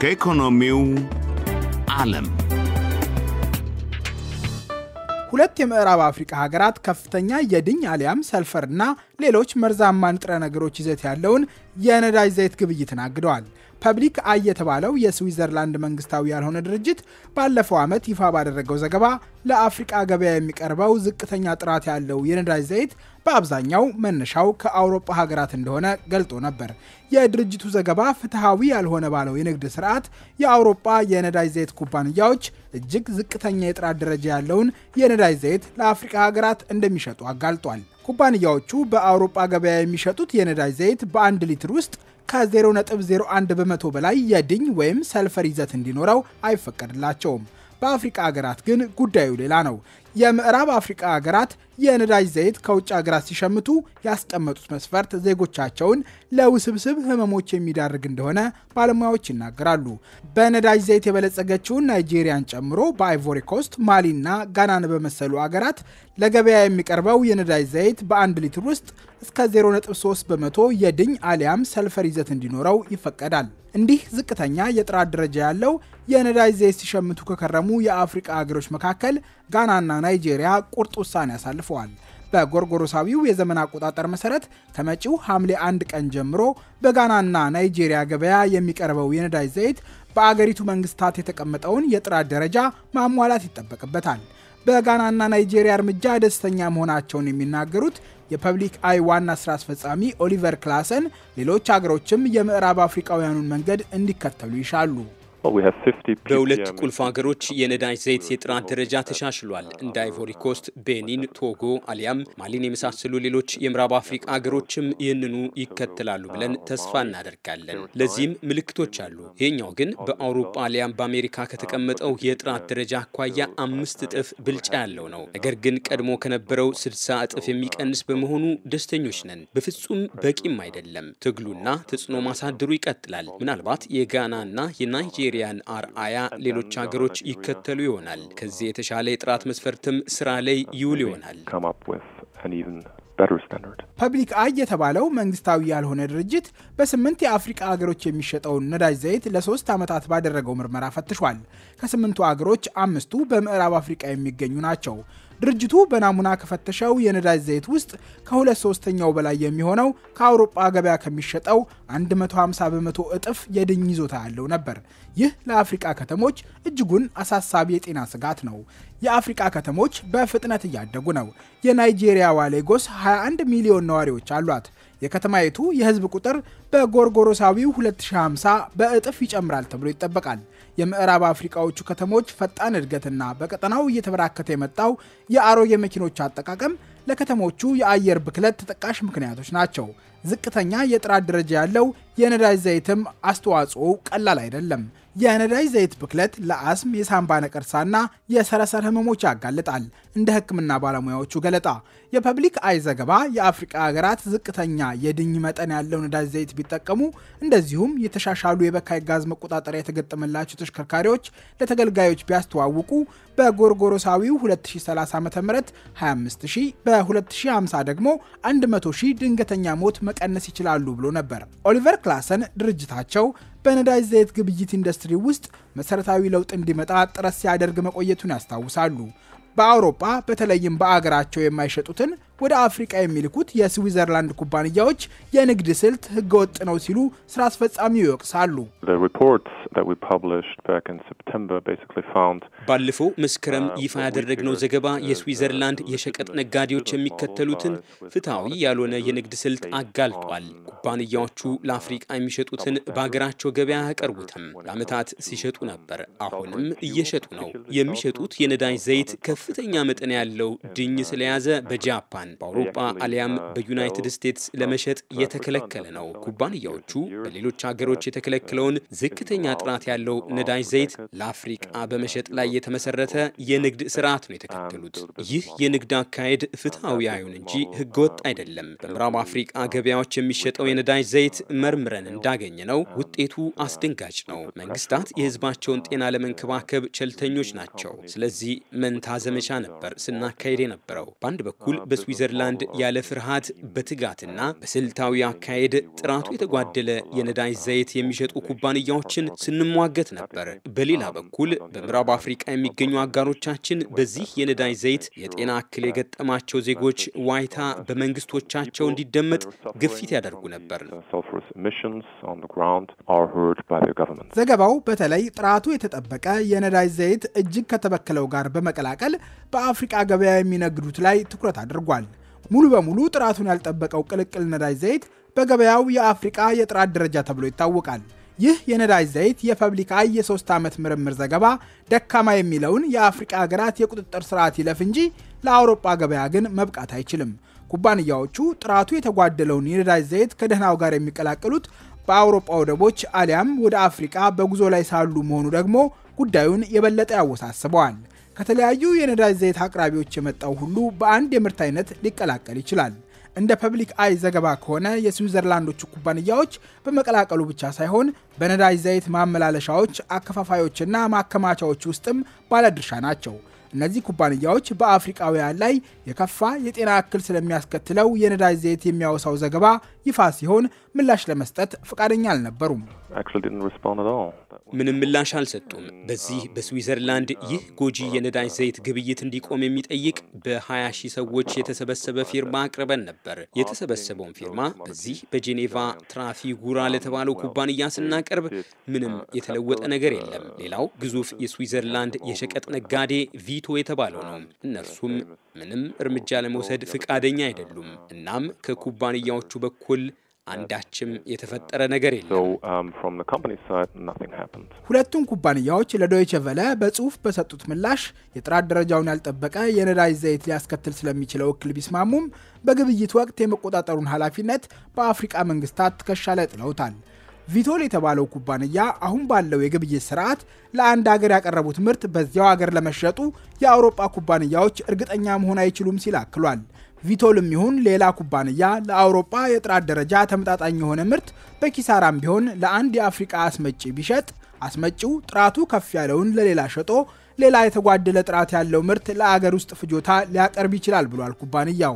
ከኢኮኖሚው ዓለም ሁለት የምዕራብ አፍሪካ ሀገራት ከፍተኛ የድኝ አሊያም ሰልፈርና ሌሎች መርዛማ ንጥረ ነገሮች ይዘት ያለውን የነዳጅ ዘይት ግብይትን አግደዋል። ፐብሊክ አይ የተባለው የስዊዘርላንድ መንግስታዊ ያልሆነ ድርጅት ባለፈው ዓመት ይፋ ባደረገው ዘገባ ለአፍሪቃ ገበያ የሚቀርበው ዝቅተኛ ጥራት ያለው የነዳጅ ዘይት በአብዛኛው መነሻው ከአውሮፓ ሀገራት እንደሆነ ገልጦ ነበር። የድርጅቱ ዘገባ ፍትሐዊ ያልሆነ ባለው የንግድ ስርዓት የአውሮፓ የነዳጅ ዘይት ኩባንያዎች እጅግ ዝቅተኛ የጥራት ደረጃ ያለውን የነዳጅ ዘይት ለአፍሪካ ሀገራት እንደሚሸጡ አጋልጧል። ኩባንያዎቹ በአውሮፓ ገበያ የሚሸጡት የነዳጅ ዘይት በአንድ ሊትር ውስጥ ከ0.01 በመቶ በላይ የድኝ ወይም ሰልፈር ይዘት እንዲኖረው አይፈቀድላቸውም። በአፍሪካ ሀገራት ግን ጉዳዩ ሌላ ነው። የምዕራብ አፍሪቃ ሀገራት የነዳጅ ዘይት ከውጭ ሀገራት ሲሸምቱ ያስቀመጡት መስፈርት ዜጎቻቸውን ለውስብስብ ሕመሞች የሚዳርግ እንደሆነ ባለሙያዎች ይናገራሉ። በነዳጅ ዘይት የበለጸገችውን ናይጄሪያን ጨምሮ በአይቮሪ ኮስት፣ ማሊና ጋናን በመሰሉ ሀገራት ለገበያ የሚቀርበው የነዳጅ ዘይት በአንድ ሊትር ውስጥ እስከ 0.3 በመቶ የድኝ አሊያም ሰልፈር ይዘት እንዲኖረው ይፈቀዳል። እንዲህ ዝቅተኛ የጥራት ደረጃ ያለው የነዳጅ ዘይት ሲሸምቱ ከከረሙ የአፍሪቃ ሀገሮች መካከል ጋናና ናይጄሪያ ቁርጥ ውሳኔ አሳልፈዋል። በጎርጎሮሳዊው የዘመን አቆጣጠር መሰረት ከመጪው ሐምሌ አንድ ቀን ጀምሮ በጋናና ናይጄሪያ ገበያ የሚቀርበው የነዳጅ ዘይት በአገሪቱ መንግስታት የተቀመጠውን የጥራት ደረጃ ማሟላት ይጠበቅበታል። በጋናና ናይጄሪያ እርምጃ ደስተኛ መሆናቸውን የሚናገሩት የፐብሊክ አይ ዋና ስራ አስፈጻሚ ኦሊቨር ክላሰን ሌሎች አገሮችም የምዕራብ አፍሪካውያኑን መንገድ እንዲከተሉ ይሻሉ። በሁለት ቁልፍ ሀገሮች የነዳጅ ዘይት የጥራት ደረጃ ተሻሽሏል። እንደ አይቮሪ ኮስት፣ ቤኒን፣ ቶጎ አሊያም ማሊን የመሳሰሉ ሌሎች የምዕራብ አፍሪቃ ሀገሮችም ይህንኑ ይከተላሉ ብለን ተስፋ እናደርጋለን። ለዚህም ምልክቶች አሉ። ይህኛው ግን በአውሮፓ አሊያም በአሜሪካ ከተቀመጠው የጥራት ደረጃ አኳያ አምስት እጥፍ ብልጫ ያለው ነው። ነገር ግን ቀድሞ ከነበረው ስድሳ እጥፍ የሚቀንስ በመሆኑ ደስተኞች ነን። በፍጹም በቂም አይደለም። ትግሉና ተጽዕኖ ማሳደሩ ይቀጥላል። ምናልባት የጋናና የናይጄሪያ የናይጄሪያን አርአያ ሌሎች ሀገሮች ይከተሉ ይሆናል። ከዚህ የተሻለ የጥራት መስፈርትም ስራ ላይ ይውል ይሆናል። ፐብሊክ አይ የተባለው መንግስታዊ ያልሆነ ድርጅት በስምንት የአፍሪቃ አገሮች የሚሸጠውን ነዳጅ ዘይት ለሶስት ዓመታት ባደረገው ምርመራ ፈትሿል። ከስምንቱ አገሮች አምስቱ በምዕራብ አፍሪቃ የሚገኙ ናቸው። ድርጅቱ በናሙና ከፈተሸው የነዳጅ ዘይት ውስጥ ከሁለት ሶስተኛው በላይ የሚሆነው ከአውሮጳ ገበያ ከሚሸጠው 150 በመቶ እጥፍ የድኝ ይዞታ ያለው ነበር። ይህ ለአፍሪቃ ከተሞች እጅጉን አሳሳቢ የጤና ስጋት ነው። የአፍሪቃ ከተሞች በፍጥነት እያደጉ ነው። የናይጄሪያዋ ሌጎስ 21 ሚሊዮን ነዋሪዎች አሏት። የከተማይቱ የህዝብ ቁጥር በጎርጎሮሳዊው 2050 በእጥፍ ይጨምራል ተብሎ ይጠበቃል። የምዕራብ አፍሪካዎቹ ከተሞች ፈጣን እድገትና በቀጠናው እየተበራከተ የመጣው የአሮጌ መኪኖች አጠቃቀም ለከተሞቹ የአየር ብክለት ተጠቃሽ ምክንያቶች ናቸው። ዝቅተኛ የጥራት ደረጃ ያለው የነዳጅ ዘይትም አስተዋጽኦ ቀላል አይደለም። የነዳጅ ዘይት ብክለት ለአስም የሳምባ ነቀርሳና የሰረሰር ህመሞች ያጋልጣል። እንደ ህክምና ባለሙያዎቹ ገለጣ የፐብሊክ አይ ዘገባ የአፍሪቃ ሀገራት ዝቅተኛ የድኝ መጠን ያለው ነዳጅ ዘይት ቢጠቀሙ፣ እንደዚሁም የተሻሻሉ የበካይ ጋዝ መቆጣጠሪያ የተገጠመላቸው ተሽከርካሪዎች ለተገልጋዮች ቢያስተዋውቁ በጎርጎሮሳዊው 2030 ዓ ም 25000 በ2050 ደግሞ 100 ሺህ ድንገተኛ ሞት መቀነስ ይችላሉ ብሎ ነበር። ኦሊቨር ክላሰን ድርጅታቸው በነዳጅ ዘይት ግብይት ኢንዱስትሪ ውስጥ መሠረታዊ ለውጥ እንዲመጣ ጥረት ሲያደርግ መቆየቱን ያስታውሳሉ። በአውሮፓ በተለይም በአገራቸው የማይሸጡትን ወደ አፍሪቃ የሚልኩት የስዊዘርላንድ ኩባንያዎች የንግድ ስልት ህገወጥ ነው ሲሉ ስራ አስፈጻሚው ይወቅሳሉ። ባለፈው መስከረም uh, ይፋ ያደረግነው ዘገባ የስዊዘርላንድ የሸቀጥ ነጋዴዎች የሚከተሉትን ፍትሐዊ ያልሆነ የንግድ ስልት አጋልጧል። ኩባንያዎቹ ለአፍሪቃ የሚሸጡትን በሀገራቸው ገበያ አያቀርቡትም። ለዓመታት ሲሸጡ ነበር፣ አሁንም እየሸጡ ነው። የሚሸጡት የነዳጅ ዘይት ከፍተኛ መጠን ያለው ድኝ ስለያዘ በጃፓን እጣን በአውሮፓ አሊያም በዩናይትድ ስቴትስ ለመሸጥ የተከለከለ ነው። ኩባንያዎቹ በሌሎች ሀገሮች የተከለከለውን ዝቅተኛ ጥራት ያለው ነዳጅ ዘይት ለአፍሪቃ በመሸጥ ላይ የተመሰረተ የንግድ ስርዓት ነው የተከተሉት። ይህ የንግድ አካሄድ ፍትሐዊ አይሁን እንጂ ህገወጥ አይደለም። በምዕራብ አፍሪቃ ገበያዎች የሚሸጠው የነዳጅ ዘይት መርምረን እንዳገኘ ነው ውጤቱ አስደንጋጭ ነው። መንግስታት የህዝባቸውን ጤና ለመንከባከብ ቸልተኞች ናቸው። ስለዚህ መንታ ዘመቻ ነበር ስናካሄድ የነበረው በአንድ በኩል በስዊ ስዊዘርላንድ ያለ ፍርሃት በትጋትና በስልታዊ አካሄድ ጥራቱ የተጓደለ የነዳጅ ዘይት የሚሸጡ ኩባንያዎችን ስንሟገት ነበር። በሌላ በኩል በምዕራብ አፍሪቃ የሚገኙ አጋሮቻችን በዚህ የነዳጅ ዘይት የጤና እክል የገጠማቸው ዜጎች ዋይታ በመንግስቶቻቸው እንዲደመጥ ግፊት ያደርጉ ነበር። ዘገባው በተለይ ጥራቱ የተጠበቀ የነዳጅ ዘይት እጅግ ከተበከለው ጋር በመቀላቀል በአፍሪቃ ገበያ የሚነግዱት ላይ ትኩረት አድርጓል። ሙሉ በሙሉ ጥራቱን ያልጠበቀው ቅልቅል ነዳጅ ዘይት በገበያው የአፍሪቃ የጥራት ደረጃ ተብሎ ይታወቃል። ይህ የነዳጅ ዘይት የፐብሊካ የሶስት ዓመት ምርምር ዘገባ ደካማ የሚለውን የአፍሪቃ ሀገራት የቁጥጥር ስርዓት ይለፍ እንጂ ለአውሮጳ ገበያ ግን መብቃት አይችልም። ኩባንያዎቹ ጥራቱ የተጓደለውን የነዳጅ ዘይት ከደህናው ጋር የሚቀላቀሉት በአውሮጳ ወደቦች አሊያም ወደ አፍሪቃ በጉዞ ላይ ሳሉ መሆኑ ደግሞ ጉዳዩን የበለጠ ያወሳስበዋል። ከተለያዩ የነዳጅ ዘይት አቅራቢዎች የመጣው ሁሉ በአንድ የምርት አይነት ሊቀላቀል ይችላል። እንደ ፐብሊክ አይ ዘገባ ከሆነ የስዊዘርላንዶቹ ኩባንያዎች በመቀላቀሉ ብቻ ሳይሆን በነዳጅ ዘይት ማመላለሻዎች፣ አከፋፋዮችና ማከማቻዎች ውስጥም ባለድርሻ ናቸው። እነዚህ ኩባንያዎች በአፍሪቃውያን ላይ የከፋ የጤና እክል ስለሚያስከትለው የነዳጅ ዘይት የሚያወሳው ዘገባ ይፋ ሲሆን ምላሽ ለመስጠት ፈቃደኛ አልነበሩም። ምንም ምላሽ አልሰጡም። በዚህ um, በስዊዘርላንድ uh, ይህ ጎጂ የነዳጅ uh, ዘይት ግብይት እንዲቆም የሚጠይቅ በ20 ሺህ ሰዎች uh, የተሰበሰበ ፊርማ አቅርበን ነበር። የተሰበሰበውን ፊርማ በዚህ በጄኔቫ ትራፊጉራ ለተባለው ኩባንያ ስናቀርብ ምንም የተለወጠ ነገር የለም። ሌላው ግዙፍ የስዊዘርላንድ የሸቀጥ ነጋዴ ቪቶ የተባለው ነው። um, እነርሱም ምንም እርምጃ ለመውሰድ ፈቃደኛ አይደሉም። እናም ከኩባንያዎቹ በኩል አንዳችም የተፈጠረ ነገር የለም። um, ሁለቱም ኩባንያዎች ለዶይቸ ቨለ በጽሁፍ በሰጡት ምላሽ የጥራት ደረጃውን ያልጠበቀ የነዳጅ ዘይት ሊያስከትል ስለሚችለው እክል ቢስማሙም በግብይት ወቅት የመቆጣጠሩን ኃላፊነት በአፍሪቃ መንግስታት ትከሻ ላይ ጥለውታል። ቪቶል የተባለው ኩባንያ አሁን ባለው የግብይት ስርዓት ለአንድ ሀገር ያቀረቡት ምርት በዚያው ሀገር ለመሸጡ የአውሮፓ ኩባንያዎች እርግጠኛ መሆን አይችሉም ሲል አክሏል። ቪቶልም ይሁን ሌላ ኩባንያ ለአውሮፓ የጥራት ደረጃ ተመጣጣኝ የሆነ ምርት በኪሳራም ቢሆን ለአንድ የአፍሪቃ አስመጪ ቢሸጥ አስመጪው ጥራቱ ከፍ ያለውን ለሌላ ሸጦ ሌላ የተጓደለ ጥራት ያለው ምርት ለአገር ውስጥ ፍጆታ ሊያቀርብ ይችላል ብሏል ኩባንያው።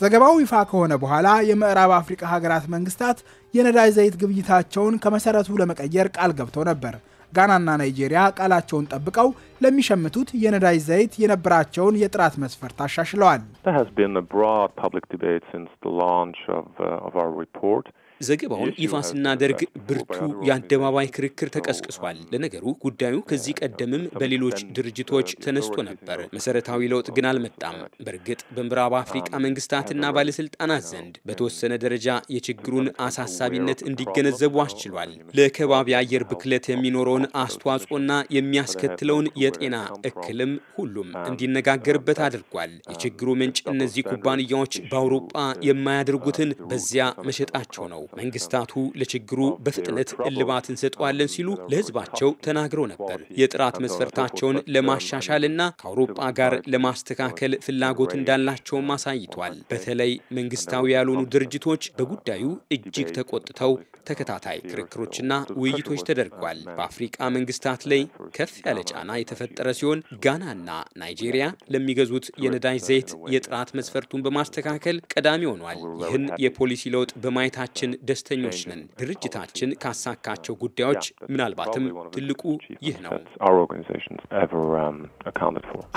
ዘገባው ይፋ ከሆነ በኋላ የምዕራብ አፍሪካ ሀገራት መንግስታት የነዳጅ ዘይት ግብይታቸውን ከመሰረቱ ለመቀየር ቃል ገብተው ነበር። ጋናና ናይጄሪያ ቃላቸውን ጠብቀው ለሚሸምቱት የነዳጅ ዘይት የነበራቸውን የጥራት መስፈርት አሻሽለዋል። uh, ዘገባውን ይፋ ስናደርግ ብርቱ የአደባባይ ክርክር ተቀስቅሷል። ለነገሩ ጉዳዩ ከዚህ ቀደምም በሌሎች ድርጅቶች ተነስቶ ነበር። መሰረታዊ ለውጥ ግን አልመጣም። በእርግጥ በምዕራብ አፍሪቃ መንግስታትና ባለስልጣናት ዘንድ በተወሰነ ደረጃ የችግሩን አሳሳቢነት እንዲገነዘቡ አስችሏል። ለከባቢ አየር ብክለት የሚኖረውን አስተዋጽኦና የሚያስከትለውን የ የጤና እክልም ሁሉም um, እንዲነጋገርበት አድርጓል። um, የችግሩ ምንጭ እነዚህ ኩባንያዎች በአውሮጳ um, የማያደርጉትን በዚያ መሸጣቸው ነው። መንግስታቱ ለችግሩ በፍጥነት እልባት እንሰጠዋለን ሲሉ ለህዝባቸው ተናግረው ነበር። የጥራት መስፈርታቸውን ለማሻሻልና ከአውሮጳ ጋር ለማስተካከል ፍላጎት እንዳላቸውም አሳይቷል። በተለይ መንግስታዊ ያልሆኑ ድርጅቶች uh, በጉዳዩ እጅግ ተቆጥተው uh, ተከታታይ ክርክሮችና ውይይቶች ተደርጓል። በአፍሪቃ uh, መንግስታት ላይ ከፍ ያለ ጫና የተፈጠረ ሲሆን ጋናና ናይጄሪያ ለሚገዙት የነዳጅ ዘይት የጥራት መስፈርቱን በማስተካከል ቀዳሚ ሆኗል። ይህን የፖሊሲ ለውጥ በማየታችን ደስተኞች ነን። ድርጅታችን ካሳካቸው ጉዳዮች ምናልባትም ትልቁ ይህ ነው።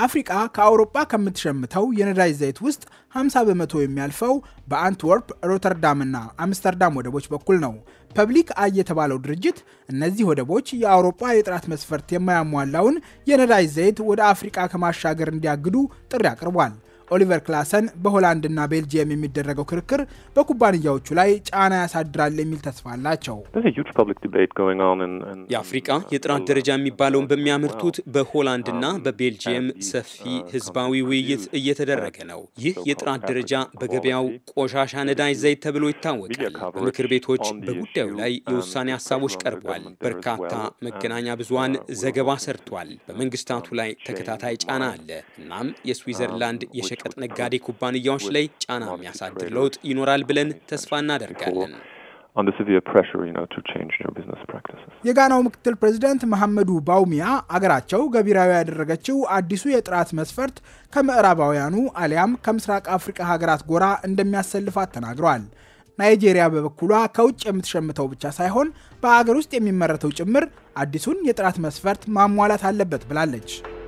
አፍሪቃ ከአውሮጳ ከምትሸምተው የነዳጅ ዘይት ውስጥ 50 በመቶ የሚያልፈው በአንትወርፕ ሮተርዳምና አምስተርዳም ወደቦች በኩል ነው። ፐብሊክ አይ የተባለው ድርጅት እነዚህ ወደቦች የአውሮፓ የጥራት መስፈርት የማያሟላውን የነዳጅ ዘይት ወደ አፍሪቃ ከማሻገር እንዲያግዱ ጥሪ አቅርቧል። ኦሊቨር ክላሰን በሆላንድና ቤልጅየም የሚደረገው ክርክር በኩባንያዎቹ ላይ ጫና ያሳድራል የሚል ተስፋ አላቸው። የአፍሪቃ የጥራት ደረጃ የሚባለውን በሚያመርቱት uh, በሆላንድና uh, በቤልጅየም uh, ሰፊ ህዝባዊ ውይይት እየተደረገ ነው። ይህ የጥራት ደረጃ በገበያው ቆሻሻ ነዳጅ ዘይት ተብሎ ይታወቃል። በምክር ቤቶች በጉዳዩ ላይ የውሳኔ ሀሳቦች ቀርቧል። በርካታ መገናኛ ብዙሃን ዘገባ ሰርቷል። በመንግስታቱ ላይ ተከታታይ ጫና አለ። እናም የስዊዘርላንድ የሸ um, በሸቀጥ ነጋዴ ኩባንያዎች ላይ ጫና የሚያሳድር ለውጥ ይኖራል ብለን ተስፋ እናደርጋለን። የጋናው ምክትል ፕሬዚደንት መሐመዱ ባውሚያ አገራቸው ገቢራዊ ያደረገችው አዲሱ የጥራት መስፈርት ከምዕራባውያኑ አሊያም ከምስራቅ አፍሪካ ሀገራት ጎራ እንደሚያሰልፋት ተናግረዋል። ናይጄሪያ በበኩሏ ከውጭ የምትሸምተው ብቻ ሳይሆን በአገር ውስጥ የሚመረተው ጭምር አዲሱን የጥራት መስፈርት ማሟላት አለበት ብላለች።